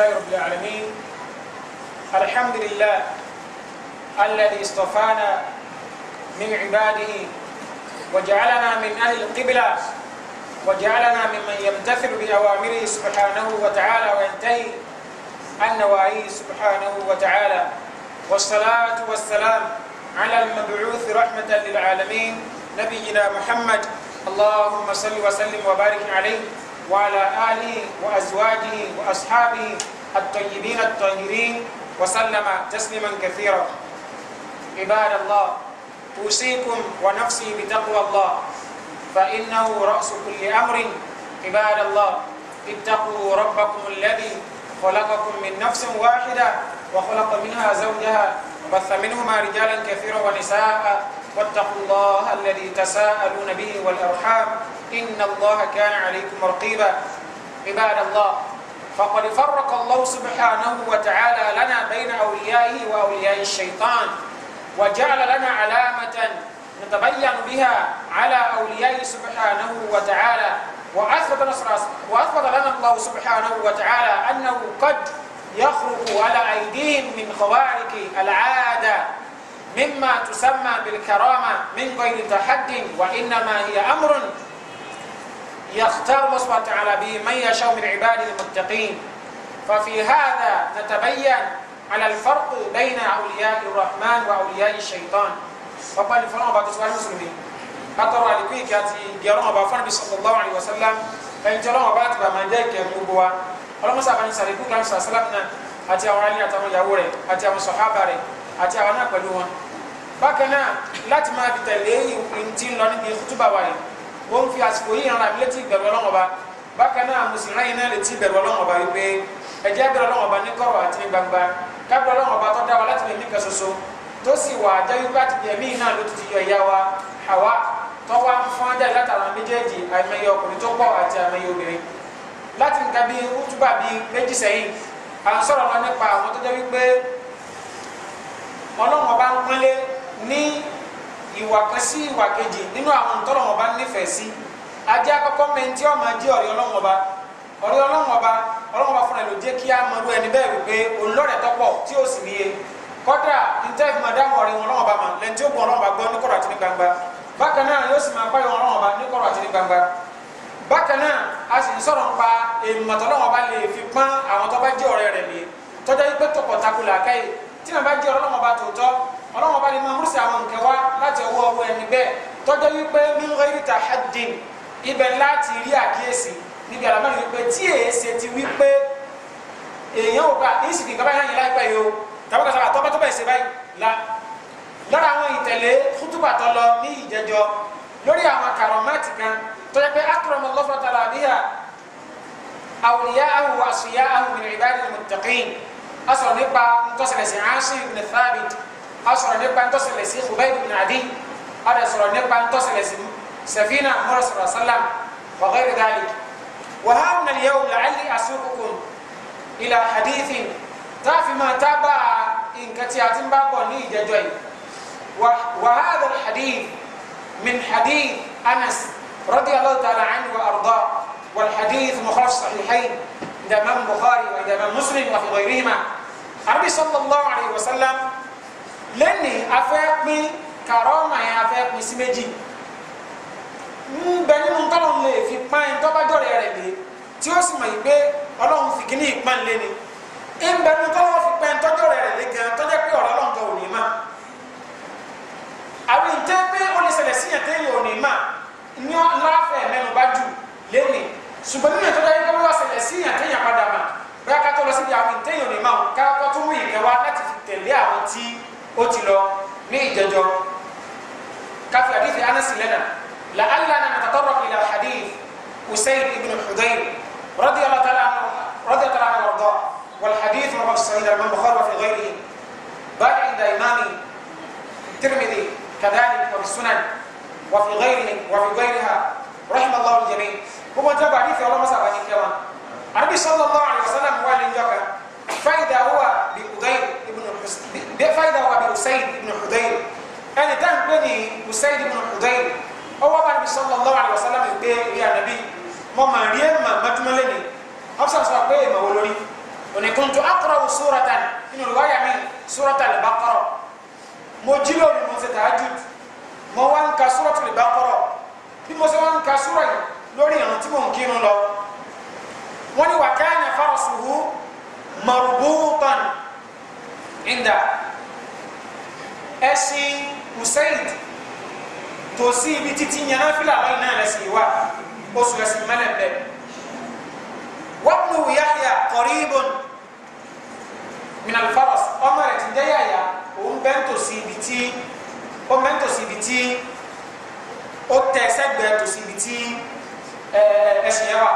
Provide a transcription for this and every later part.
لله رب العالمين الحمد لله الذي اصطفانا من عباده وجعلنا من أهل القبلة وجعلنا ممن يمتثل بأوامره سبحانه وتعالى وينتهي عن نواهيه سبحانه وتعالى والصلاة والسلام على المبعوث رحمة للعالمين نبينا محمد اللهم صل وسلم وبارك عليه وعلى آله وأزواجه وأصحابه الطيبين الطاهرين وسلم تسليما كثيرا عباد الله أوصيكم ونفسي بتقوى الله فإنه رأس كل أمر عباد الله اتقوا ربكم الذي خلقكم من نفس واحدة وخلق منها زوجها وبث منهما رجالا كثيرا ونساء واتقوا الله الذي تساءلون به والأرحام إن الله كان عليكم رقيبا عباد الله فقد فرق الله سبحانه وتعالى لنا بين أوليائه وأولياء الشيطان وجعل لنا علامة نتبين بها على أوليائه سبحانه وتعالى وأثبت, وأثبت لنا الله سبحانه وتعالى أنه قد يخرج على أيديهم من خوارق العادة مما تسمى بالكرامة من غير تحد وإنما هي أمر يختار الله سبحانه وتعالى به من يشاء من عباده المتقين ففي هذا نتبين على الفرق بين أولياء الرحمن وأولياء الشيطان فقال فرعون بعد سؤال المسلمين أترى لكي يا جرون أبا فرنبي صلى الله عليه وسلم فإن جرون أبا أتبا من جاك يبوا ولم أصاب أن سرقوا كلام صلى الله عليه وسلم أتي أولي أتي أولي أتي أولي صحابة أتي أولي أولي bákan náà láti máa fi tẹ̀lé ìntí lọ wọ́n fi àsìkò yìí hàn àbí létí ìbẹ̀rù Ọlọ́run Ọba bákan náà mo sì rán yín náà létí ìbẹ̀rù Ọlọ́run Ọba wípé ẹ̀jẹ̀ bẹ̀rù Ọlọ́run Ọba ní kọ̀rọ̀ àti ní gbangba kábẹ̀rù Ọlọ́run Ọba tó dá wa láti ẹ̀mí kan ṣoṣo tó sì wà á jẹ́ wípé àti ẹ̀mí náà ló ti yọ ìyá wa Hawa tó wá fún jáde látara méjèèjì àìmọye ọkùnrin tó pọ̀ àti àìmọye obìnrin láti nǹkan bíi wútúbà bíi méjì sẹ́yìn à ń sọ̀rọ̀ lọ nípa àwọn tó jẹ́ wípé Ọlọ́run Ọba ń pínlẹ̀ ní ìwà kan sí ìwà kejì nínú àwọn ntọ́lọ̀ wọn bá nífẹ̀ẹ́ sí ajé akọ́kọ́ mẹ́ntì ọmọ ajé ọ̀rí ọlọ́run ọba ọ̀rí ọlọ́run ọba ọlọ́run ọba fúnra ló jẹ́ kí á mọ irú ẹni bẹ́ẹ̀ wípé olùlọ́rẹ̀ tọ́pọ̀ tí ó sì níye kọ́dà níta ìfúnmọ̀ dáhùn ọ̀rẹ́ wọn ọlọ́run ọba mọ̀ lẹ́ni tí ó gbọ́ ọlọ́run ọba gbọ́ ní kọ̀rọ̀ àti ní gbangba bákan náà yóò sì máa pẹ́ ọlọ́run ọba ní kọ̀rọ̀ àti ní gbangba bákan náà a sì ń sọ̀rọ̀ nípa èèmọ̀ tọ́lọ́run ọba lè fi pọ́n àwọn tó bá jẹ́ ọ̀rẹ́ rẹ̀ lé tọ́jà yìí pé tọkọtako làákàyè tí màá bá jẹ́ ọlọ́run ọba tòótọ́ ọlọ́wọ́n bá lè máa múrísí àwọn nǹkan wá láti ọwọ́ ọwọ́ ẹni bẹ́ẹ̀ tọ́jọ́ wípé min ghairi tahaddin ibẹ̀ láti rí àkíyèsí níbi àlámọ́ni wípé tí èèṣe ti wípé èèyàn ò gbà ní ìsìnkì nǹkan báyìí láyìn láìpẹ́ yìí o tàbí kọ́sà àtọ́bẹ́ tó bẹ̀ ṣe báyìí la lára àwọn ìtẹ̀lé kútùbà tó lọ ní ìjẹjọ lórí àwọn kàrọ̀mátì kan tọ́jọ́ pé akramallahu ta'ala أسرى نبقى انتصر لسي خبيب بن عدي أسرى نبقى انتصر لسي سفينة مرة صلى الله عليه وسلم وغير ذلك وهنا اليوم لعلي أسوقكم إلى حديث تعرف ما تابع إن كتياتين بابا نيجا جوي وهذا الحديث من حديث أنس رضي الله تعالى عنه وأرضاه والحديث مخرج صحيحين عند إمام بخاري وإمام مسلم وفي غيرهما النبي صلى الله عليه وسلم lẹ́nìí afẹ́ pín kàrọ́ọ̀mà yẹn afẹ́ pín sí méjì ń bẹ nínú tọ́lọ̀ lè fi pán in tọ́bájọ́rẹ́ rẹ̀ lé tí ó sì mọ̀ yìí pé ọlọ́run fi kíní ìpán lé ni ń bẹ nínú tọ́lọ̀ fi pán in tọ́jọ́rẹ́ rẹ̀ lé gan tọ́jẹ́ pé ọ̀rọ̀ ọlọ́run gan ò ní mà àwọn ìtẹ́ pé ó lè ṣẹlẹ̀ síyàn téèyàn ò ní mà ní láfẹ̀ mẹ́nu bá jù lẹ́nìí ṣùgbọ́n nínú ìtọ́jọ́ yìí wọ́n ṣẹlẹ̀ síyàn téèyàn padà ó ti lọ ní ìjẹjọ káfí àdìsí anasi lẹ́nà làálà nà nàtàtọ́rọ̀ ìlà hadith usayd ibn hudayr رضي الله تعالى عنه رضي الله تعالى عنه وارضاه والحديث رواه الصحيح الامام البخاري وفي غيره بل عند امام الترمذي كذلك وفي السنن وفي غيره وفي غيرها رحم الله الجميع هو جاب حديث الله مسعى بن كمان النبي صلى الله عليه وسلم هو اللي فاذا هو بقدير usaid ibn hudayr ẹni tá à ń pè ní usaid ibn hudayr ọwọ́ bá níbi sallallahu alaihi wasallam pé ìyá nàbí mo mà rí èèmà mọ́túmọ́lé ni ọ̀bùsà sọ pé èèmà wọ lórí òní kuntu aqra'u suratan nínú ìwáyà mi suratul baqara mo jí lónìí mo ń ṣe tahajjud mo wá ń ka suratul baqara bí mo ṣe wá ń ka sura yìí lórí ìrìn tí mò ń kírun lọ wọ́n ní wa kana farasuhu marbutan inda ẹ̀sìn usaid tòsí ibi títí yẹn fílà lọ́yìn náà lẹ́sìn wa oṣù ẹ̀sìn mẹ́lẹ̀ bẹ́ẹ̀ wabnu yahya kọ̀rìbọn minal faras ọmọ rẹ̀ ti jẹ́ yàyà òun bẹ́ńtò sí ibi tí ó bẹ́ńtò sí ibi tí ó tẹ sẹ́gbẹ̀ẹ́ tòsí ibi tí ẹ̀sìn yẹn wà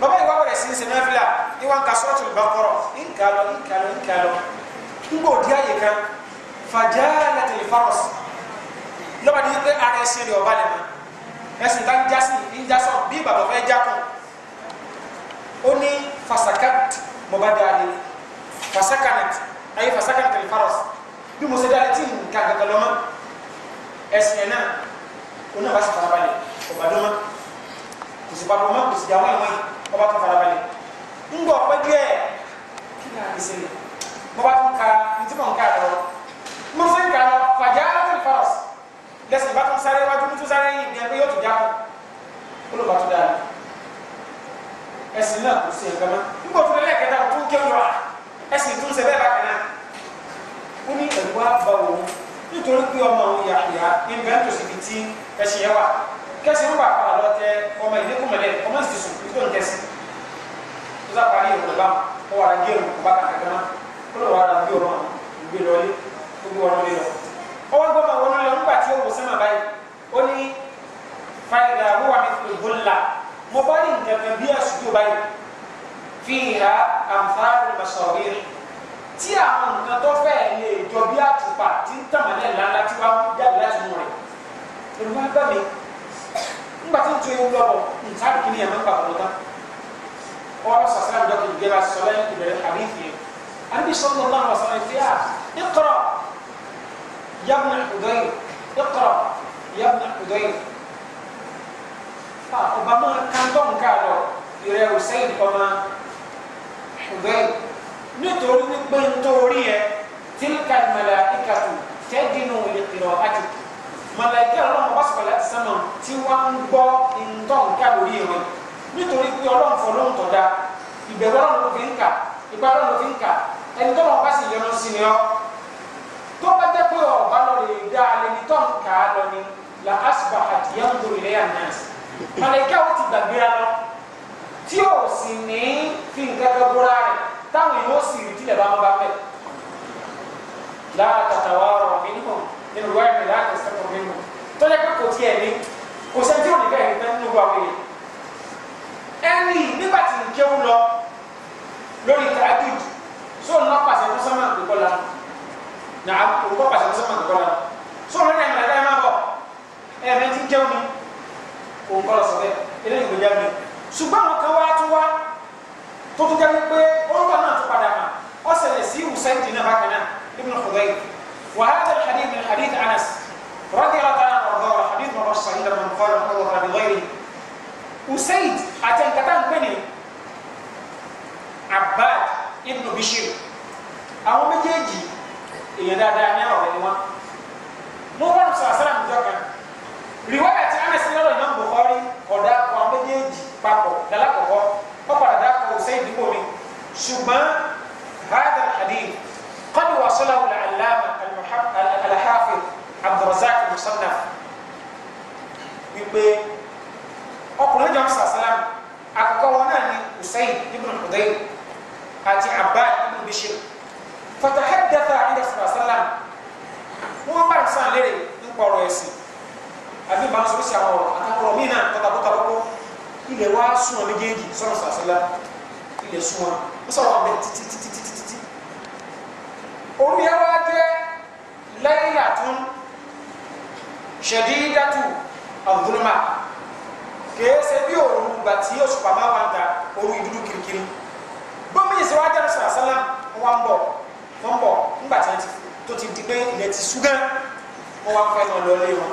bàbá ìwà wọlé sí ṣe mẹ́fìlà ìwà ń ka sọ́ọ̀tù ìbá kọ̀rọ̀ lọ ń lọ ń lọ ń gbòdì àyè kan fàjálà tẹ̀lé fárọ̀s lọ́ba ní pé ara ẹsẹ̀ rẹ̀ ọba lẹ̀ mọ́ ẹsẹ̀ tá ń jásí ń jásọ̀ bí bàbá fẹ́ jákùn ó ní fasakat mo bá dáa lé fasakanat ayé fasakanat tẹ̀lé fárọ̀s bí mo ṣe dáa lé tí nǹkan kankan lọ́mọ́ ẹsẹ̀ náà ó náà bá sì farabalẹ̀ ọba dọ́mọ́ mo ka ní musin kala fajaratul faras leski batum sare waju mutu sare yi ne yo tu jabu kulo batu da esina ko se kama ngo tu le kata tu ke wa esi tu se be ba kana kuni e wa ba wo nítorí pé ọmọ òun yàyà nbẹ tó sì fi ti ẹsìn yẹn wa kẹsì ń wà padà lọ tẹ ọmọ ìdí kùmọlẹ ọmọ sì ti sùn kí ló ń tẹsí tó sá parí ìrùbá ọwọ àdé ìrùbá kàkàkà náà kó lọ wà á bí ọmọ ìgbé lọlé omi wọn lé lọ ọwọ́ gbọ́ ma wọn lọ nígbà tí ó wò sẹ́mà báyìí ó ní fàyìlà wọ́n wà ní ìbòlá mo bá ní nǹkan bí àsùjọ báyìí fi ìhà àǹfààní masọ̀rí tí àwọn nǹkan tó fẹ́ lè jọ bí àtùpà tí ń tàmọ́lẹ̀ ńláńlá tí wọ́n jáde láti mú rẹ̀ èrò wá bá mi nígbà tí ń tu ewu lọ́wọ́ nǹkan kìíní ẹ̀ máa ń pàtó tán ọ̀rọ̀ sàṣẹ́ àjọkìlì gẹ́gẹ́ bá ìbẹ̀rẹ̀ àbí ìfìyẹ́ àbí sọ́dún náà wọ́n sọ يا ابن حذير اقرأ يا ابن حذير فأبما كان دون كالو يرى حسين كما حذير نتوري نتبين توريه تلك الملائكة تدن لقراءتك mọlẹkẹ Ọlọ́run bá sọ̀rọ̀ láti sánmà tí wọn ń gbọ́ nǹkan nǹkan lórí wọn nítorí pé Ọlọ́run fọ lóhùn tọdá ìbẹ̀rù Ọlọ́run ló fi ń kà ìgbà Ọlọ́run ló fi ń kà ẹni tó lọ bá sì yọnu sí ni ọ pé ọba lè dá lẹni tó ń kà á lọ ni la asuba àti yanzu ilé anas mọlẹkẹ o ti gbàgbéra lọ tí o sì ní fi nǹkan kan bóra rẹ táwọn èèyàn ó sì rí tilẹ̀ bá wọn bá fẹ́ lára tata wa rọ̀ mí nínú nínú wáyé mi láti sẹ́kọ̀ mí nù tọ́jà pé kò tiẹ̀ ní kò sẹ́ni tí ò ní bẹ́ẹ̀ ní tán nínú wa wẹ̀ ẹni nígbà tí ń kéwù lọ lórí tàájú tó ń pàṣẹ fún sọ́mà àgbẹ̀kọ́ na o kɔ pasi sɛ man kɔnɔ sɔrɔ ne yɛrɛ ɛmɛ ma bɔ ɛmɛ ti jɛw ni o kɔlɔ sɛbɛ ele ni gbɛdɛ mi ṣùgbọ́n àwọn kan wá tó wá tó tó jẹ́ pé orúkọ náà tó padà mà ó ṣẹlẹ̀ sí hussein dina bákan náà ibn khudayr wa hadha alhadith min hadith anas radiyallahu ta'ala anhu wa hadith ma bashi sahih man qala huwa rabbi ghayri usaid àti nǹkan tá à ń pè ní abbad bishir àwọn méjèèjì èèyàn dáadáa ní ọ̀rẹ́ ni wọn. mo rọrùn sọ àṣàrà mi jọka rìwáyà tí anasi lọ́dọ̀ Imam Bukhari ọ̀dà kan méjèèjì papọ̀ lálákọ̀ọ́kọ́ ó padà dákọ̀ ọ̀sẹ̀ ìdìbò mi ṣùgbọ́n hadha al-hadith qad wasalahu al-allama al-hafiz Abdurrazzaq al-Musannaf wípé ọkùnrin jọ sàṣàlám àkọ́kọ́ wọn náà ni Usayd ibn Hudayr àti Abbad ibn Bishr fatahaddatha inda sallam wọn bá ń sàn lérè ń pọ̀rọ̀ ẹ̀sìn àbí bá ń sọ sí àwọn ọ̀rọ̀ àtàkùrọ̀ míì náà tọ́tàkùtà kọ́kọ́ ilẹ̀ wa sún wọn méjèèjì sọ̀rọ̀ sàṣẹ́lá ilẹ̀ sún wọn ó sọ̀rọ̀ wọn bẹ títí títí títí títí. orí ẹ wá jẹ́ laylatun shadidatu adh-dhulma kìí ṣe bí òru gbà tí oṣù pàmò àwọn àgbà òru ìdúdú wọ́n bọ̀ nígbà tí wọ́n ti tó ti di pé ilẹ̀ ti ṣú gán wọ́n wá fẹ́ wọn lọlé wọn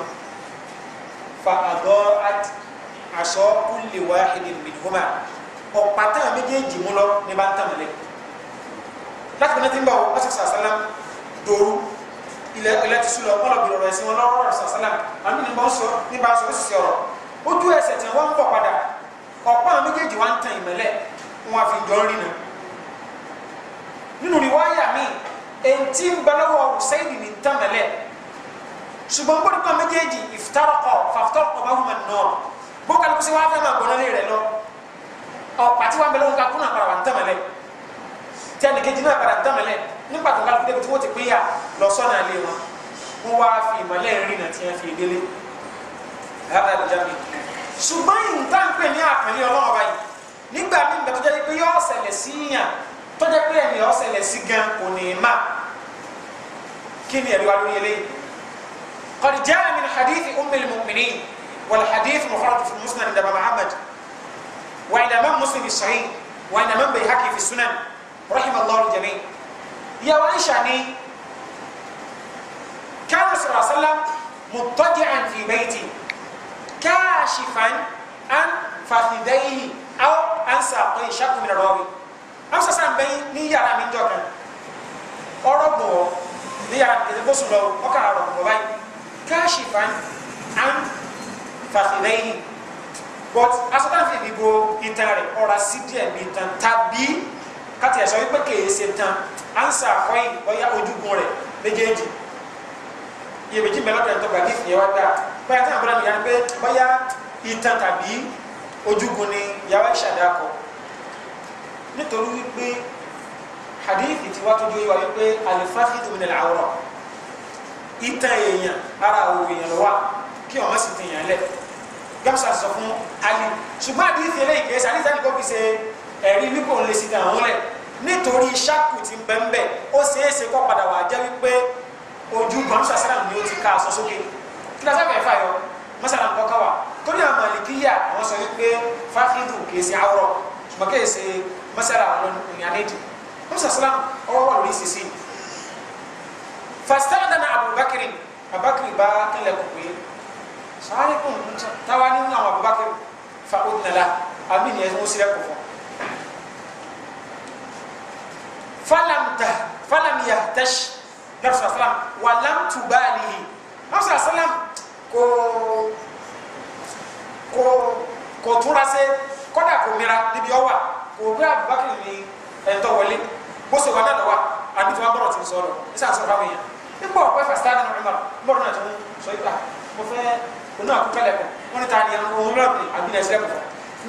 fa àgọ́ àṣọ kúlè wá èdè mìdìbọ́mà ọ̀pá táwọn méjèèjì mú lọ ní bá ń tàn lẹ̀ láti pínlẹ̀ tí ń bọ̀ wọ́n sì sàṣálá dòru ilẹ̀ ilẹ̀ ti ṣú lọ wọ́n lọ bí ọ̀rọ̀ ẹ̀sìn wọn lọ́rọ̀ rẹ̀ sàṣálá àmì ní bọ́n sọ ní bá sọ òṣìṣẹ́ ọ̀rọ̀ ojú ẹsẹ̀ tí wọ́n ń bọ̀ padà ọ̀pá àwọn méjèèjì wá ń tan ìmọ̀lẹ̀ wọn àfi jọ ń rìnà nínú riwaya mi enti ń balawo sayidi ni ntamẹlẹ ṣùgbọ́n bó nípa méjèèjì ìfitarọkọ fàfitarọkọ bá hùmà nọ bó kálukú sí wàá fẹ́ máa gbọ́n lé rẹ lọ ọ pàtí wàá bẹ̀rẹ̀ wọn ká kúnà para wà ntamẹlẹ tí a nìkẹ́ jìnnà para ntamẹlẹ nípa tó kálukú débi tí wọ́n ti pín yà lọ sọ́nà ilé wọn wọn wá fi ìmọ̀lẹ́ rìn àti ẹ̀ fi délé ẹ̀rọ ìjà mi ṣùgbọ́n ìntànpẹ̀ ní àpẹẹrẹ ọlọ́run báyìí nígbà mí tọ́jà pé ẹ̀mí ọ̀sẹ̀lẹ̀ sí gan kò ní í má kí ni ẹ̀rí wa lórí eléyìí qad jaa min hadith umm al mu'minin wal hadith mukhraj fi musnad ibn muhammad wa ila man muslim sahih wa ila man bayhaqi fi sunan rahimallahu al-jami' ya wa ishani ni kana sallallahu alaihi wasallam muttaji'an fi bayti kashifan an fakhidayhi aw an saqayhi shaqqun min rawi afisasa bẹyi ni yàrá mi jọ kan ọ̀rọ̀ bọ ni yàrá mi tètè bọsùn lọ ọkà rọ bọ báyìí káàsì fan an fàfilẹyìn but asọtàfẹ mi bo ìtàn rẹ ọ̀rọ̀ sí díẹ̀ mi tabi tàbí kàtí ẹsọ wípé kèé ṣe tàn ansa akọyìn ọyá ojúgun rẹ méjèèjì iyèméjì mẹlọdọ ẹtọ gbàgbé ìfìyẹ wá dáa báyà táwọn abúlé mi yára pé ọyá ìtàn tàbí ojúgun ni yàrá ìṣàdá kọ nítorí wípé hadithi ti wá tó jó wa wípé alifáfíìtì mi nílẹ̀ àwòrán ìtàn èèyàn ara òwò èèyàn lọ wá kí ọmọ sì ti yàn lẹ gbàmsà sọ fún ali ṣùgbọ́n àdìsí eléyìí kẹsà àdìsí àdìgbò fi ṣe ẹ̀rí wípé òun lè ṣe tàn àwọn lẹ nítorí ṣáàkù ti bẹ́ńbẹ́ ó ṣeéṣe kó padà wà jẹ́ wípé ojú gbàmsà sẹ́nà ni ó ti ká aṣọ sókè kí lásán bẹ̀ẹ́ fàyọ mọ́sálà nǹkan káwà torí àwọn wọ́n sọ wípé fáfíìdù kìí ṣe àwòrán ṣùgbọ́n kìí ṣe masala wọn nyane di musa salam ọwọ wa lórí sisi fasita nana abubakar abubakar ba kẹlẹ kúkú yẹ sáré kún un sọ táwa nínú àwọn abubakar fa ó nana àmì ni ẹni wọn sílẹ kọfọ falamta falamiya tash nafsa salam walamtu baalihi nafsa salam kò kò kò túnra se kódà kò mìíràn níbi ọwà òwe Abubakar ni ẹ̀ńtọ́ wọlé bó ṣe wà náà lọ́wọ́ àbí tí wọ́n bọ̀rọ̀ ti sọ̀rọ̀ ní sàn sọ̀rọ̀ fáwọn èèyàn nígbà ọ̀pẹ́ fàṣítà nínú ìmọ̀ mọ̀rọ̀ náà tó ń sọ ìgbà mo fẹ́ onú àkúkẹ́lẹ̀ kọ̀ wọ́n ní ta ni ẹnu òun a ni àbí nàìjíríà kọ̀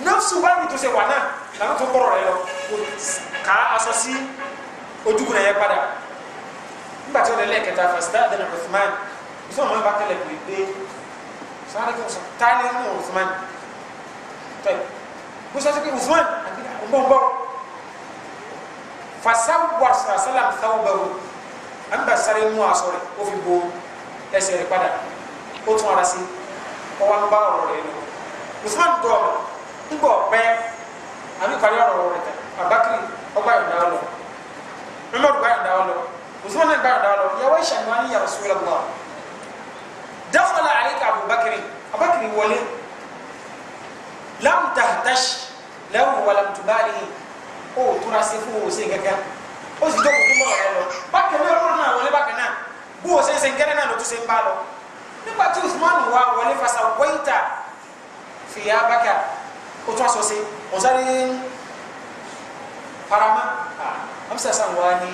nọ́ọ̀sù wá mi tó ṣe wà náà làwọn tó ń bọ̀rọ̀ rẹ lọ kà á aṣọ sí ojúkun náà yẹ padà nígbà tí wọ́n lè lẹ́ẹ̀kẹta fàṣítà dẹ̀nà Uthman bí sọ́n máa bá kẹlẹ̀ pé pé sáré kí wọ́n sọ ta ni ẹnu Uthman tẹ́ bó ṣe ṣe pé Uthman mbɔnbɔn fasawa sarasalam thawbahu an ba sare mu asɔre o fi bo ẹsẹ̀ rẹ̀ padà o tún ara sí ọwọ́ ń bá ọ̀rọ̀ rẹ̀ lọ usman dọọma ń bọ pẹ àbí parí ọ̀rọ̀ rẹ̀ tẹ abakiri ọgbà yọ̀dá lọ mímọdù bá yọ̀dá lọ usman náà bá yọ̀dá lọ yàwó ìṣàmì wọn ni ya Rasulullah dakhala alayka abubakiri abakiri wọlé lam tahtash lẹ́wù wàlàmùtùbáàlì ó tóra sí fún òsè kankan ó sì jókòó kúmọ̀ ọ̀rẹ́ lọ bákan náà lọ́rùn náà wọlé bákan náà bó o ṣe ń ṣe nkẹ́rẹ́ náà ló tún ṣe ń bá lọ nígbà tí usman wà wọlé fasa wẹ́yìntà fìyà bákà ó tún aṣọ sí ọ̀sáré parama amsa san wa ni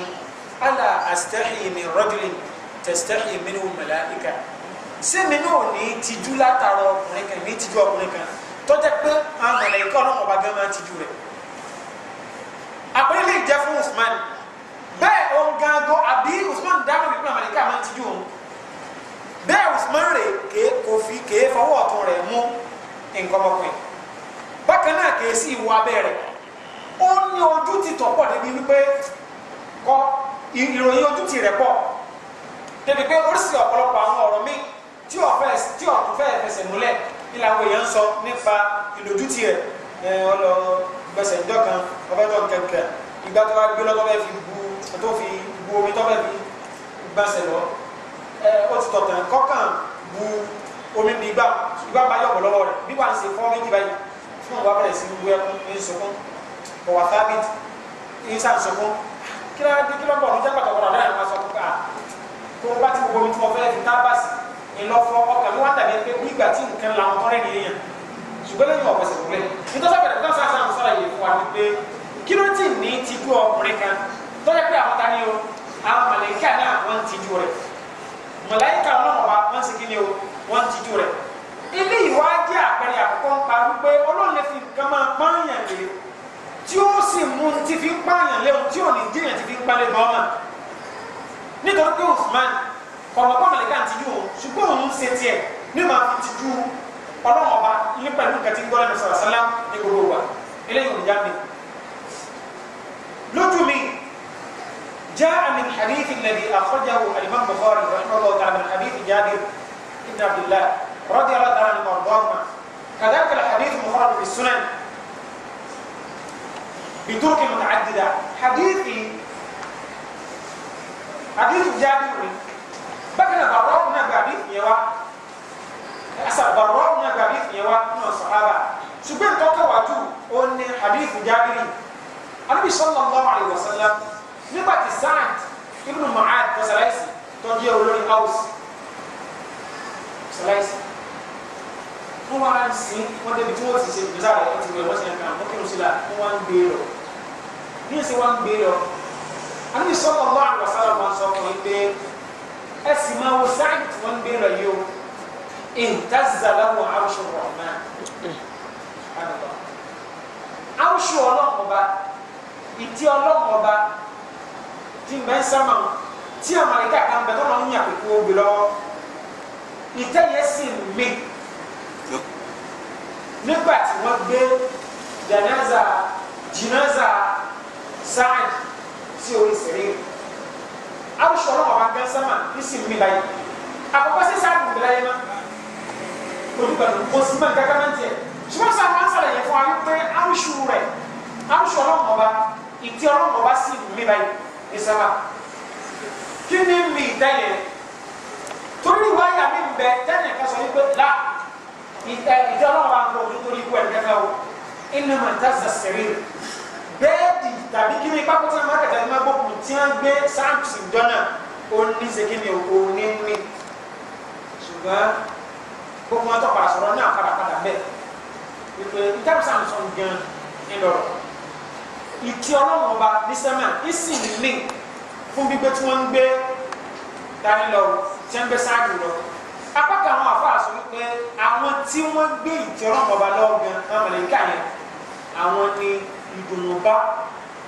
ala astahi min rajulin tastahi minhu malaika sẹ́mi náà ní tijú látara ọkùnrin kan ní tijú ọkùnrin kan tọ́jà pé àmàlà ikọ̀ náà ọba gan máa ti ju rẹ̀ àpẹẹrẹ lè jẹ́ fún Usman bẹ́ẹ̀ òun gangan àbí Usman dáhùn wípé àmàlà ikọ̀ máa ti ju òun bẹ́ẹ̀ Usman rè kò fi kèé fọwọ́ ọ̀tún rẹ̀ mú nǹkan ọmọkùnrin bákan náà kèé sí ìwọ abẹ́ rẹ̀ ó ní ojú ti tọ̀ pọ̀ débi wípé kọ́ ìròyìn ojú ti rẹ̀ pọ̀ débi pé oríṣi ọ̀pọ̀lọpọ̀ àwọn ọ̀rọ̀ míì tí ọ̀fẹ́ tí ọ̀tún fẹ́ fẹsẹ̀ múlẹ̀ ilà àwọn èèyàn sọ nípa ìdójútì rẹ̀ ọlọ gbẹsẹ̀ ìjọ kan ọbẹ̀ tó kẹ̀kẹ́ ìgbà tó bá gbé lọ́tọ́ bẹ́ẹ̀ fi bu tó fi bu omi tó bẹ́ẹ̀ fi gbàsẹ̀ lọ ó ti tọ̀tàn kọ́kàn bu omi ní igbá igbá bá yọ̀bọ̀ lọ́wọ́ rẹ̀ bí wàá ń ṣe fọ́ méjì báyìí fún ìwà bẹ̀rẹ̀ sí wú ẹkún ní sọkún ọ̀wà tábìtì ní sàn sọkún kí ló dé kí ló bọ̀ ní jẹ́ pàtàkì ọ̀rọ̀ náà ni wọ́n sọ fún ká tó bá ti gbogbo omi ńlọfọ ọkà mi wá dàbí pé nígbà tí nǹkan la ọtọ́ rẹ̀ nìyẹn ṣùgbọ́n lẹ́yìn ọ̀pọ̀ ṣe kúlẹ̀ nítorí pẹ̀lú tó sáà sáà sọ̀rọ̀ yìí fún wa ni pé kí ló ti ní tijú ọkùnrin kan tọ́jà pé àwọn tani o àwọn màlàíkà náà wọ́n ti ju rẹ̀ màlàíkà ọlọ́mọba wọ́n sì kí ni o wọ́n ti ju rẹ̀ ilé ìwà jẹ́ àpẹẹrẹ àkọ́kọ́ ń pa wípé Ọlọ́run lè fi nǹkan máa pààyàn lé tí ó sì mú ti fi pààyàn lé ohun tí ò ní jẹ́yàn ti fi pààyàn lé bọ́ọ̀mà nítorí pé Usman ọmọ bá mẹlẹka ti dùn o ṣùgbọ́n òun ṣe tiẹ̀ ní ma fi ti dùn ọlọ́wọ́n ọba ní pẹ̀lú kẹtí gbọ́dọ̀ ní sàràsàlá ní gbogbo wa eléyìí òun jáde lójú mi جاء من حديث الذي أخرجه الإمام البخاري رحمه الله تعالى من حديث جابر بن عبد الله رضي الله تعالى عنه وأرضاهما كذلك الحديث مخرج في السنن بطرق متعددة حديث حديث جابر bákan náà bàrọ̀ ọ̀hún náà gbàdí ìyẹn wa asa bàrọ̀ ọ̀hún náà gbàdí ìyẹn wa ní ọ̀sàhábà ṣùgbọ́n nǹkan kẹwàá jù ó ní hadith jábìrì alábi sallallahu alayhi wa sallam nígbà tí Sa'ad ibn Mu'ad mọ̀sálásì tó jẹ́ olórí Aws mọ̀sálásì wọ́n wá ń sin wọ́n débi tí wọ́n ti ṣe ìgbésà rẹ̀ ti wẹ̀ wọ́n ṣe nǹkan wọ́n kírun sí la wọ́n wá ń gbé e lọ bí wọ́n e sallallahu alayhi wa sallam máa ń sọ ẹsì máa wo sáàdì tí wọ́n ń gbé lọ yìí o ìntàzà láwọn arúṣọ ọ̀nà arúṣọ ọlọ́mọba ìdí ọlọ́mọba ti mẹ́sàmà tí àmàlẹ́kà kan bẹ̀ tọ́nà ń yàn kókó obì lọ́wọ́ ìtẹ́yẹ sì nígbà tí wọ́n gbé janaza jinaza sáàdì sí orí sẹ́rẹ́rì aw sɔrɔ ma ban sama i sin min bayi a ko pasi sa dun bila yema o du kɔni ko sima ka kan tiɛ suma sa ma sara yɛ fɔ a bɛ pɛ aw suurɛ aw sɔrɔ ma ban i ti yɔrɔ ma ban si min bayi i sama kini mi da yɛ tori wa ya min bɛ da yɛ ka sɔrɔ i ko la i tɛ i tɛ yɔrɔ ma ban ko o du tori ko ɛdɛ fɛ o i nama ta sa bẹ́ẹ̀dì tàbí kí ni pápá tí wọn máa kàtà ní máa gbókùn tí wọn gbé sáǹtì dọ́nà òní ṣèké ni òní ní ṣùgbọ́n gbogbo wọn tọpa àṣọrọ náà padàpadà bẹ́ẹ̀ wípé ìtàbí Samson gan ńlọrọ ìtì ọlọ́run ọba ní sẹ́mà ìsìn ní fún gbígbé tí wọ́n ń gbé dání lọ tí wọ́n ń gbé sáájú lọ apá kan àwọn àfa àṣọ wípé àwọn tí wọ́n gbé ìtì ọlọ́run ọba lọ́wọ́ gan àwọn mọ̀lẹ́kà yẹn àwọn ni ìdùnnúbá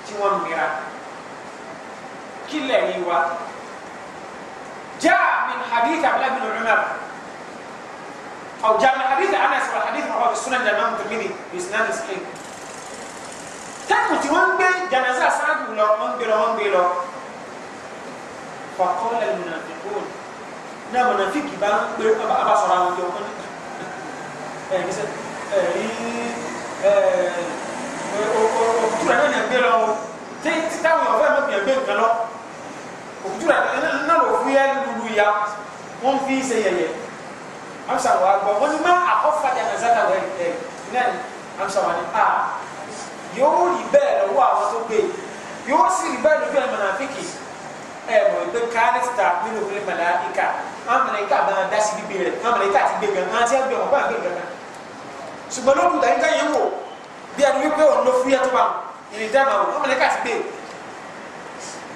tí wọ́n ń mìíràn kí lẹ́yìn wa jaa min hadith abdullahi bin umar aw jaa min hadith anas wa hadith rawahu fi sunan imam tirmidhi bi isnad sahih táàpù tí wọ́n ń gbé janaza sáájú lọ wọ́n ń gbé lọ wọ́n ń gbé lọ fakọ́lẹ̀ munafikun náà munafiki bá ń gbé abasọ̀rọ̀ àwọn ọjọ́ wọn ẹ̀rí ẹ̀rí ẹ̀rí òkútu rẹ̀ náà gbé lọ o tí táwọn ọ̀fẹ́ mọ̀ kìí gbé nǹkan lọ o rẹ̀ náà lọ fún yẹ lulu ya wọ́n fi ṣe yẹyẹ amusa wa gbọ́ wọ́n ní má akọ́fà dẹ̀ ẹ̀ zaka wẹ̀ ẹ̀ náà amusa wa ni a yóò rí bẹ́ẹ̀ lọ́wọ́ àwọn tó gbé yóò sì rí bẹ́ẹ̀ lójú ẹ̀ mọ̀nàfíkì ẹ̀ mọ̀ ẹgbẹ́ kánísítà nínú òfin màláíkà amẹ̀ríkà bá ń dasi bíbí rẹ̀ amẹ̀ríkà ti gbé gan àti ẹgbẹ́ wọn bá gbé gan ṣùgbọ́n lókùtà yín ká yẹ wò bí ẹni wípé òun ló fúyẹ́ tó bá wọn ìní dama o wọn mẹlẹ káàsì gbé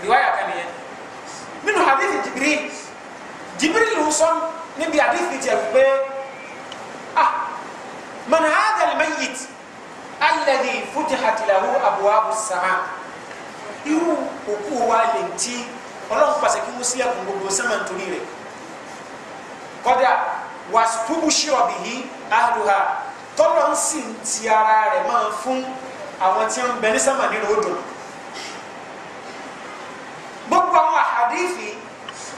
riwaya kan nìyẹn minnu hadithi jibiri jibiri ló sọ níbi hadithi tiẹ pé ah man hadha al-mayyit alladhi futihat lahu abwabu as-sama irú òkú wa lè ti ọlọ́run pàṣẹ kí wọ́n sílẹ̀ kún gbogbo sẹ́mà nítorí rẹ̀ kọ́dà wàá túbú ahluha tọ́lọ́ ń sìn ti ara rẹ̀ àwọn tí ń bẹ ní sámà nínú odò gbogbo àwọn àhàdífì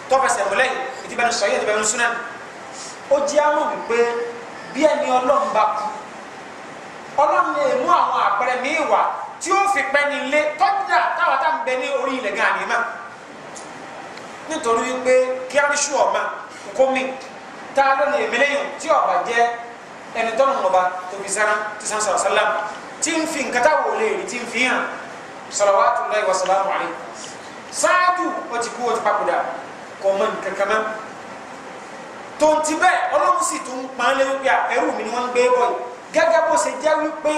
tọ́fẹsẹ̀ múlẹ̀ yìí ìtìbẹ̀nu sọ̀yìn ìtìbẹ̀nu súná ó jẹ́ àmọ́ wípé bí ẹni ọlọ́run bá kú ọlọ́run lè mú àwọn àpẹẹrẹ míì wá tí ó fi pẹ́ ní ilé tọ́jà táwa tá ń bẹ ní orí ilẹ̀ gan àníyàn máa nítorí wípé kí arísù ọ̀ma kó mi tá a lọ lè mẹlẹ́yìn tí ọba jẹ́ ẹni tọ́nù ọba tó fi sára tí sáńsà ọ̀sálàmù tí ń fi nǹkan táwọn olè rí salawatullahi wa salamu alayhi ṣáájú ó ti kú ó ti papòdà kọ ọmọ nǹkan kan náà tó ń ti bẹ́ẹ̀ ọlọ́run sì tún pọn lé wípé ẹrú mi ni wọ́n ń gbé bọ̀ yìí gẹ́gẹ́ bó ṣe jẹ́ wípé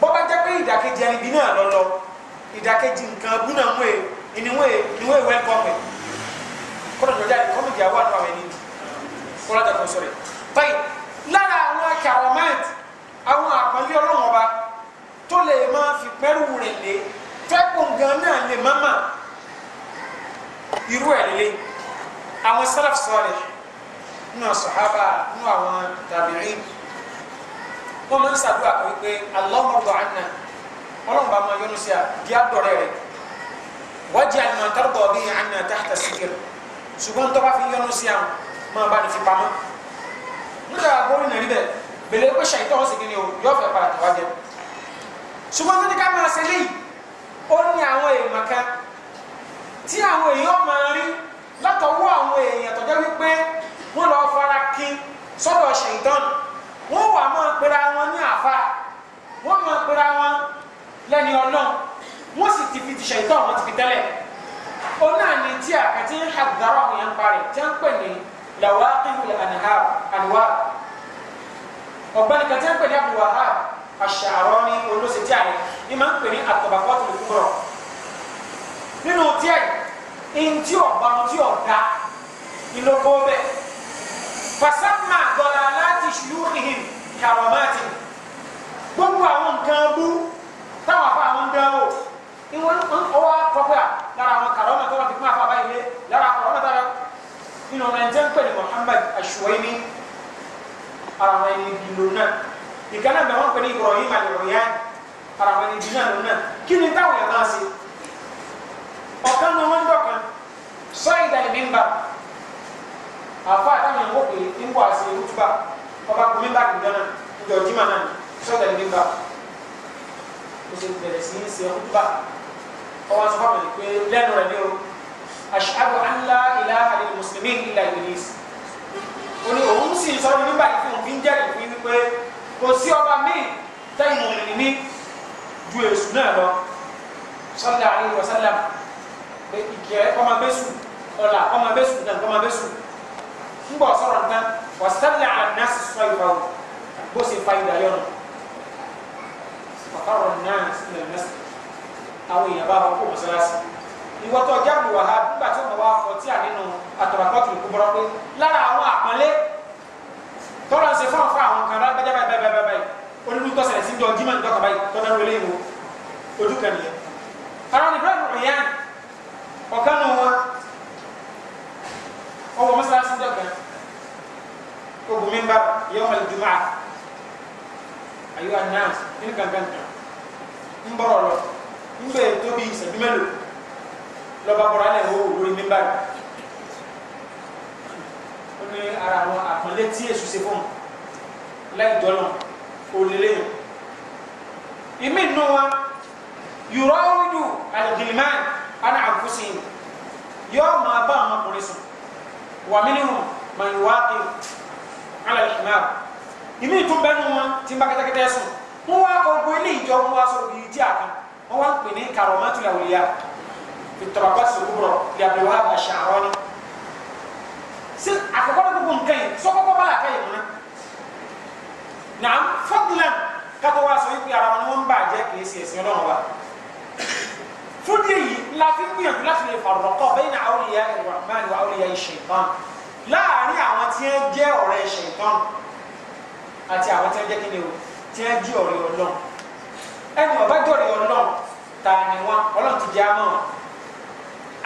bọ́bá jẹ́ pé ìdàkejì ẹnibi náà lọ lọ ìdàkejì nǹkan ọdún náà wọ́n è ni wọ́n è ni wọ́n è wẹ́lkọ́mù ẹ̀ kọ́nà ìjọba jáde kọ́mìtì àwọn àwọn àwọn ẹni kọ́nà ìjọba sọ̀rọ̀ báyìí lára àwọn akẹ́ àwọn mẹ́ẹ̀tì àwọn àpọ́nlé ọlọ́run ọba tó lè máa fi pẹ́rù rẹ̀ lé tẹ́kùn gan náà lè má mà irú ẹ̀ lé àwọn sálàf sọ̀rọ̀ nínú sàhábà nínú àwọn tàbíìn wọ́n máa ń ṣàdúrà pé pé Allahumma anna ọlọ́run bá máa yọnu sí a di àdọ̀rẹ́ rẹ̀ wájú àná tọ́lọ́bọ̀ bí àná tahta sikir ṣùgbọ́n tó bá fi yọnu sí àwọn máa bá ní fi pamọ́ nígbà bóyá nàrí bẹ́ẹ̀ bẹ̀lẹ́ pé ṣàìtọ́ ọ̀sìn kìíní o yọ fẹ́ padà tó ṣùgbọ́n tó ní ká máa ṣe léyìí ó ní àwọn èèmọ̀ kan tí àwọn èèyàn máa rí látọwọ́ àwọn èèyàn tó jẹ́ wípé wọ́n lọ fara kín sọ́dọ̀ ṣèǹtàn wọ́n wà máa pera wọn ní àfa wọ́n máa pera wọn lẹ́ni ọlọ́run wọ́n sì ti fi ti ṣèǹtàn wọn ti fi tẹ́lẹ̀ ó náà ní tí àkàtí ń hàgbàrọ̀ àwọn èèyàn parí tí wọ́n ń pè ní làwọn akéwìlẹ̀ àníhà àníwá ọ̀gbẹ́ni kàtí ń pè ní àbúwàhà aṣàrọ ní olóṣè tí a ní ní máa ń pè ní àtọ̀bàkọ́tì lè kúrọ̀ nínú tí a yìí ní tí ọ̀gbà ní tí ọ̀dà ìlógó bẹ́ẹ̀ fasamma dọ̀là láti ṣùyúhìn kàrọ̀mátì gbogbo àwọn nǹkan bú táwọn afọ àwọn nǹkan o ìwọ̀n ọwọ́ akọ́kọ́ à lára àwọn kàrọ̀mà tó wà kún àfọ àbáyé lé lára kàrọ̀mà tó nínú ọ̀nà ìjẹ́ ń pè ní Muhammad aṣùwẹ́ni ara wọn ẹni ìlú ìkànnà bẹ̀ wọ́n pè ní Ibrahim al-Riyani araba ni dina nù náà kí ni táwọn yẹn náà ṣe ọ̀kan ní wọ́n dọ̀kan sọ́yìn dàní mi ń bà àfa àtàwọn yẹn wọ́n pè é ń bọ̀ àṣẹ ìwútúbà ọba kùmí bá dùn náà ìjọ jimá náà sọ́yìn dàní mi ń bà ó ṣe bẹ̀rẹ̀ sí í ṣe ìwútúbà ọwọ́ sọ muslimin illa Iblis ó ní òun sì sọ ní nígbà tí òun fi ń jẹ́rìí fún yín kò sí ọba míì tẹ́yìn mọ̀mìnì ní ju èṣù náà lọ sọ́dà àríwá sọ́dà ìkẹ́ ọmọ bẹ́sù ọ̀là ọmọ bẹ́sù náà ọmọ bẹ́sù ńgbọ̀ sọ̀rọ̀ nǹkan wàsálà àdínásì sọ ìfà o bó ṣe fa ìdáyọ̀ nù ọ̀kọ̀rọ̀ náà sílẹ̀ mẹ́sì àwọn èèyàn bá wọn kó mọ́sálásí ìwọ́tọ̀ jáàmù wàhálà nígbà tí wọ́n wá fọ́ tí à nínú tọ́lọ̀ ń ṣe fún àfọ àwọn kan lágbájá báyìí báyìí báyìí onírú tọ́sẹ̀lẹ̀ sí jọ jimá nígbàkọ̀ báyìí tọ́lá ń wọlé ìwò ojú kan nìyẹn. ara ní bẹ́ẹ̀ rẹ̀ yá ọ̀kan nù wọn ọwọ́ mọ́sálásí dọ̀kan ogun mi ń bá yẹ́wọ́n o jùmọ̀ à ayé wa náà nínú gangan kan ń bọ̀rọ̀ lọ ń bẹ̀ẹ́ tóbi ìṣẹ́dúmẹ́lò lọ́ba bọ̀rọ̀ alẹ́ wo lórí mi ń bá yìí pé ara àwọn àpọ́nlé tí èṣù ṣe fún un lẹ́yìn dọ́là òlélẹ́ yìí ìmí nù wa yòrò àwùjọ àlùkìlìmá àná àfúsì yóò máa bá àwọn ọkùnrin sùn wà mí nìhùn mà ń wá kí alàlùkìlìmá ìmí tún bẹ́ẹ̀ nù wọn tí ń bá kẹ́tẹ́kẹ́tẹ́ sùn wọn wá kọ́ gbé ilé ìjọ wọn wá sọ yìí díà kan wọn wá ń pè ní karamatul awliya fi tabaqat al-kubra li Abdul Wahhab ash-Sha'rani si aku kau gbogbo nǹkan yìí So kau kau yìí múná mana? Nam, kátó kata sọ wípé ara wọn ni wọ́n ń bà jẹ́ kìí ṣe ẹ̀sìn ọlọ́run wa fúdí èyí la fi gbìyànjú láti lè fàrọ̀kọ́ bẹ́ẹ̀ ní àwòrìyá ìrọ̀mánì wa àwòrìyá ìṣèǹtàn láàárín àwọn tí wọ́n jẹ́ ọ̀rẹ́ ìṣèǹtàn àti àwọn tí wọ́n jẹ́ kíni o tí wọ́n jí ọ̀rẹ́ ọlọ́run ẹni ọ̀bá jọ̀rẹ́ ọlọ́run ta ni wọn ọlọ́run ti jẹ́ àmọ́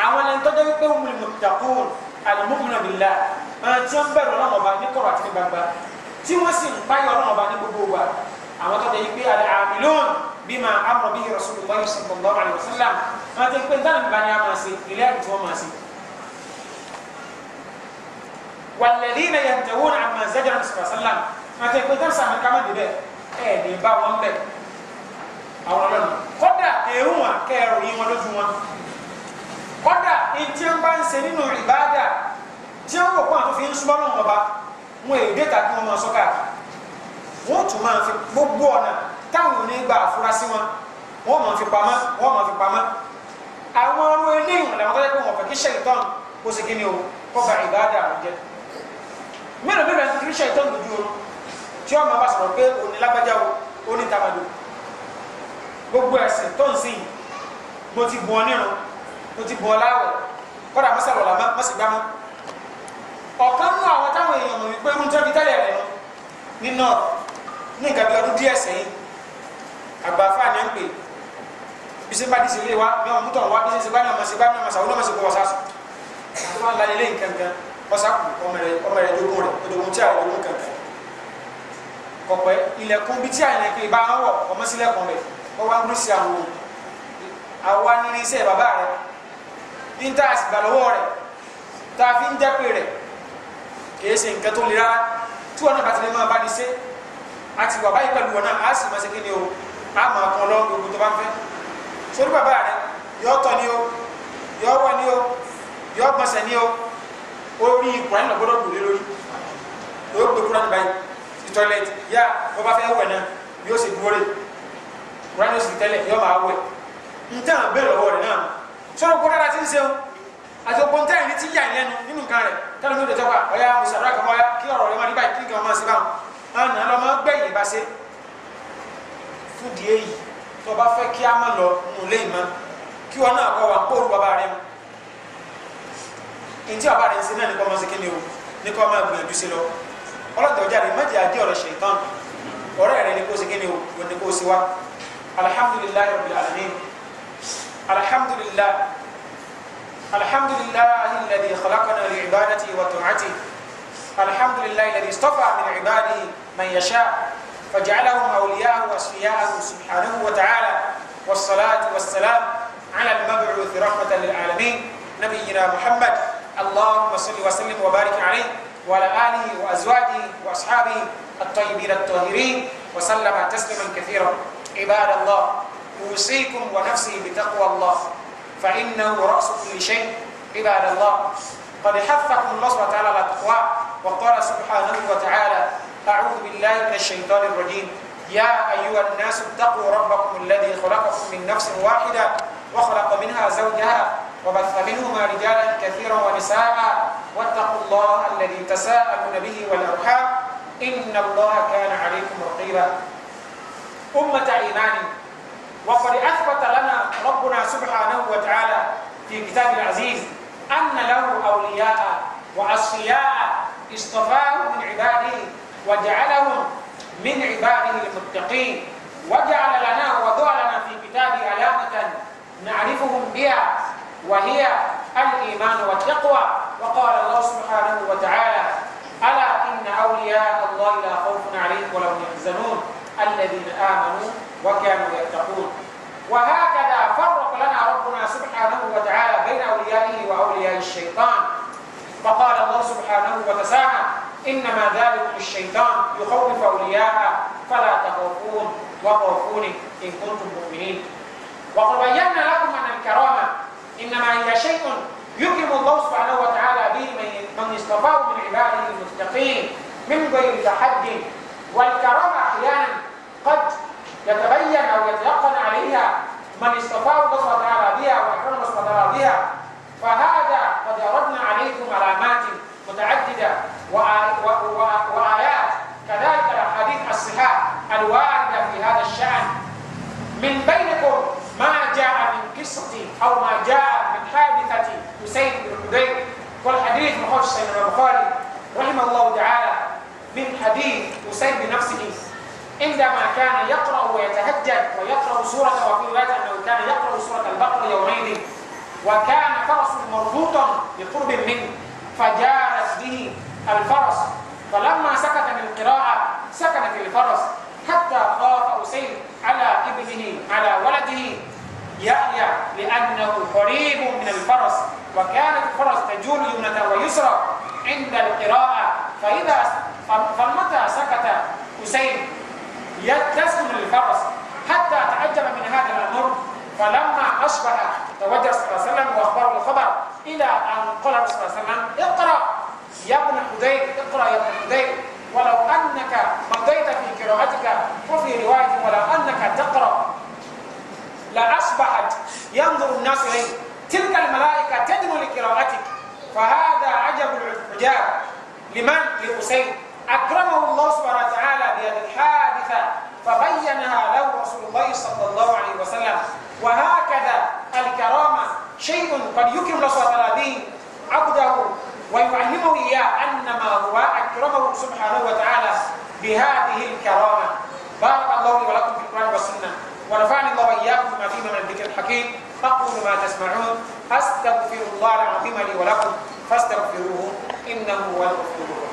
àwọn ẹni alimumina bila ẹn tí wọn bẹ̀rù Ọlọ́run ọba ní kọ̀rọ̀ àti ní gbangba tí wọn sì ń báyọ Ọlọ́run ọba ní gbogbo wa àwọn tó dé yí pé al-amilun bima amara bihi Rasulullah sallallahu alaihi wasallam wọn ti pé ntànà nípa ni a máa ṣe ilé àti tí wọn máa ṣe. walladhina yantahuna amma zajara Rasulullah sallam wọn ti pé ntànà sàmì kama dìbẹ ẹ ní bá wọn bẹ àwọn Ọlọ́run kódà èrò wọn kẹ kọ́dà ntí ń bá ń ṣe nínú ìbáàdà tí ń rò pọ́n àtúnfi ń súnmọ́ lọ́wọ́ ọba wọn èyí déta kí wọ́n máa sọ káàkiri wọ́n tún máa fi gbogbo ọ̀nà táwọn onígbà afurasí wọn wọ́n máa fi pamọ́ wọ́n máa fi pamọ́ àwọn ọ̀rọ̀ eléyìí làwọn tó yẹ kó wọn fẹ́ kí ṣèǹtọ́n kó ṣe kí ni o kó ba ìbáàdà àwọn jẹ mélòó mélòó ẹni kí ṣèǹtọ́n dúdú o tí wọ́n máa bá sọ̀rọ̀ pé onílágbájá o onítàmàdò gbogbo ẹ̀sìn tó ń sìn mo ti gbọ́n nírun mo ti bọ̀ láwẹ̀ kọ́dà má sàlọ̀ làmá má sì gbá mọ́ ọ̀kan nú àwọn táwọn èèyàn mọ̀ wípé irú tẹ́bi tẹ́lẹ̀ rẹ̀ lọ ní north ní nǹkan bí ọdún díẹ̀ sẹ́yìn àgbàfà ni ń pè bí sẹ́ bá dísè lé wa bí wọ́n mú tọ̀ wá bí sẹ́ gbá ní ọmọ sẹ́ gbá ní ọmọ sàwọn ọmọ sẹ́ kọ́ wọ́sà sùn àti wọn lálẹ́ lé nǹkan kan wọ́sà kù ọmọ rẹ̀ ọmọ rẹ̀ dogun rẹ̀ odogun tí a rẹ̀ dogun kankan kọ̀pẹ́ ilẹ̀kùn bí tí a yẹn pé bá wọ̀ ọmọ sílẹ̀kùn rẹ̀ wọ́n wá ń rí sí àwọn awa nírin iṣẹ́ bàbá rẹ̀ ní tá a sì gbà lọ́wọ́ rẹ̀ tá a fi ń jẹ́ pé rẹ̀ kìí ṣe nǹkan tó le rárá tí wọn náà o ti lè máa bá ní ṣe a ti wà báyìí pẹ̀lú wọn náà a o máa ṣe kí ni o a máa kàn lọ gbogbo tó bá ń fẹ́ sórí bàbá rẹ yọ tọ́ ni o yọ wọ ni o yọ gbọ̀nsẹ̀ ni o orí kùrán náà gbọ́dọ̀ gbòlé lórí o gbé kùrán báyìí sí tọ́lẹ̀tì yá wọ́n bá fẹ́ wẹ̀ náà yóò ṣe dúró rè kùrán yóò sì tẹ́lẹ̀ yọ máa wẹ̀ ntẹ́ àbẹ̀rẹ̀ ọwọ́ rẹ̀ náà sọ̀rọ̀ kó dára ti ń ṣe o àti ọgbọ́n táyà ní ti yà ń lẹ́nu nínú nǹkan rẹ̀ tẹ́lẹ̀ ní òdòdó wa ọ̀yà mùsàlùmá kan ọ̀yà kí ọ̀rọ̀ rẹ̀ máa níbàyí kí nǹkan máa ṣe báwọn àná lọ máa gbẹ̀yìn bá ṣe fúdi èyí tó bá fẹ́ kí a má lọ mú lé ìmọ̀ kí wọn náà kọ́ wa kóoru bàbá rẹ̀ mu ntí bàbá rẹ̀ ń ṣe náà ní kọ́ máa ṣe o ní kọ́ máa gbìyànjú sí lọ ọlọ́dọ̀ọ́jà rẹ̀ mẹ́jẹ̀ àdé ọ̀rọ̀ ṣe tán ọ̀rẹ́ rẹ̀ ní kó ṣe kíni o ní kó ṣe alamin الحمد لله الحمد لله الذي خلقنا لعبادته وطاعته الحمد لله الذي اصطفى من عباده من يشاء فجعلهم أولياء وأصفياءه سبحانه وتعالى والصلاة والسلام على المبعوث رحمة للعالمين نبينا محمد اللهم صل وسلم وبارك عليه وعلى آله وأزواجه وأصحابه الطيبين الطاهرين وسلم تسليما كثيرا عباد الله أوصيكم ونفسي بتقوى الله فإنه رأس كل شيء عباد الله قد حثكم الله سبحانه وتعالى على التقوى وقال سبحانه وتعالى أعوذ بالله من الشيطان الرجيم يا أيها الناس اتقوا ربكم الذي خلقكم من نفس واحدة وخلق منها زوجها وبث منهما رجالا كثيرا ونساء واتقوا الله الذي تساءلون به والأرحام إن الله كان عليكم رقيبا أمة إيمان وقد أثبت لنا ربنا سبحانه وتعالى في كتابه العزيز أن له أولياء وأصفياء اصطفاه من عباده وجعلهم من عباده المتقين وجعل لنا وضع لنا في كتابه علامة نعرفهم بها وهي الإيمان والتقوى وقال الله سبحانه وتعالى ألا إن أولياء الله لا خوف عليهم ولا هم يحزنون الذين آمنوا وكانوا يتقون وهكذا فرق لنا ربنا سبحانه وتعالى بين أوليائه وأولياء الشيطان فقال الله سبحانه وتعالى إنما ذلك الشيطان يخوف أولياءه فلا تخوفون وخوفوني إن كنتم مؤمنين وقد بينا لكم أن الكرامة إنما هي شيء يكرم الله سبحانه وتعالى به من اصطفاه من عباده المتقين من غير تحدي والكرامة أحيانا قد يتبين او يتيقن عليها من استطاع الله سبحانه وتعالى بها الله سبحانه وتعالى بها فهذا قد اردنا عليكم علامات متعدده وايات كذلك الاحاديث الصحاح الوارده في هذا الشان من بينكم ما جاء من قصه او ما جاء من حادثه حسين بن حدين والحديث مخرج سيدنا البخاري رحمه الله تعالى من حديث حسين بنفسه عندما كان يقرأ ويتهجد ويقرأ سورة وفي رواية أنه كان يقرأ سورة البقرة يومئذ وكان فرس مربوطا بقرب منه فجارت به الفرس فلما سكت من القراءة سكنت الفرس حتى خاف أسيد على ابنه على ولده يأيا لأنه قريب من الفرس وكانت الفرس تجول يمنة ويسرى عند القراءة فإذا فمتى سكت حسين يتسم للفرس حتى تعجب من هذا الأمر فلما أصبح توجه صلى الله عليه وسلم وأخبره الخبر إلى أن قال صلى الله عليه وسلم اقرأ يا ابن حدير اقرأ يا ابن حدير ولو أنك مضيت في قراءتك وفي رواية ولو أنك تقرأ لأصبحت ينظر الناس إليك تلك الملائكة تدعو لقراءتك فهذا عجب العجاب لمن؟ لحسين أكرمه الله سبحانه وتعالى بهذه الحادثة فبينها له رسول الله صلى الله عليه وسلم وهكذا الكرامة شيء قد يكرم الله سبحانه به عبده ويعلمه إياه أنما هو أكرمه سبحانه وتعالى بهذه الكرامة بارك الله لي ولكم في القرآن والسنة ونفعني الله وإياكم بما فيه من الذكر الحكيم أقول ما تسمعون أستغفر الله العظيم لي ولكم فاستغفروه إنه هو الغفور الرحيم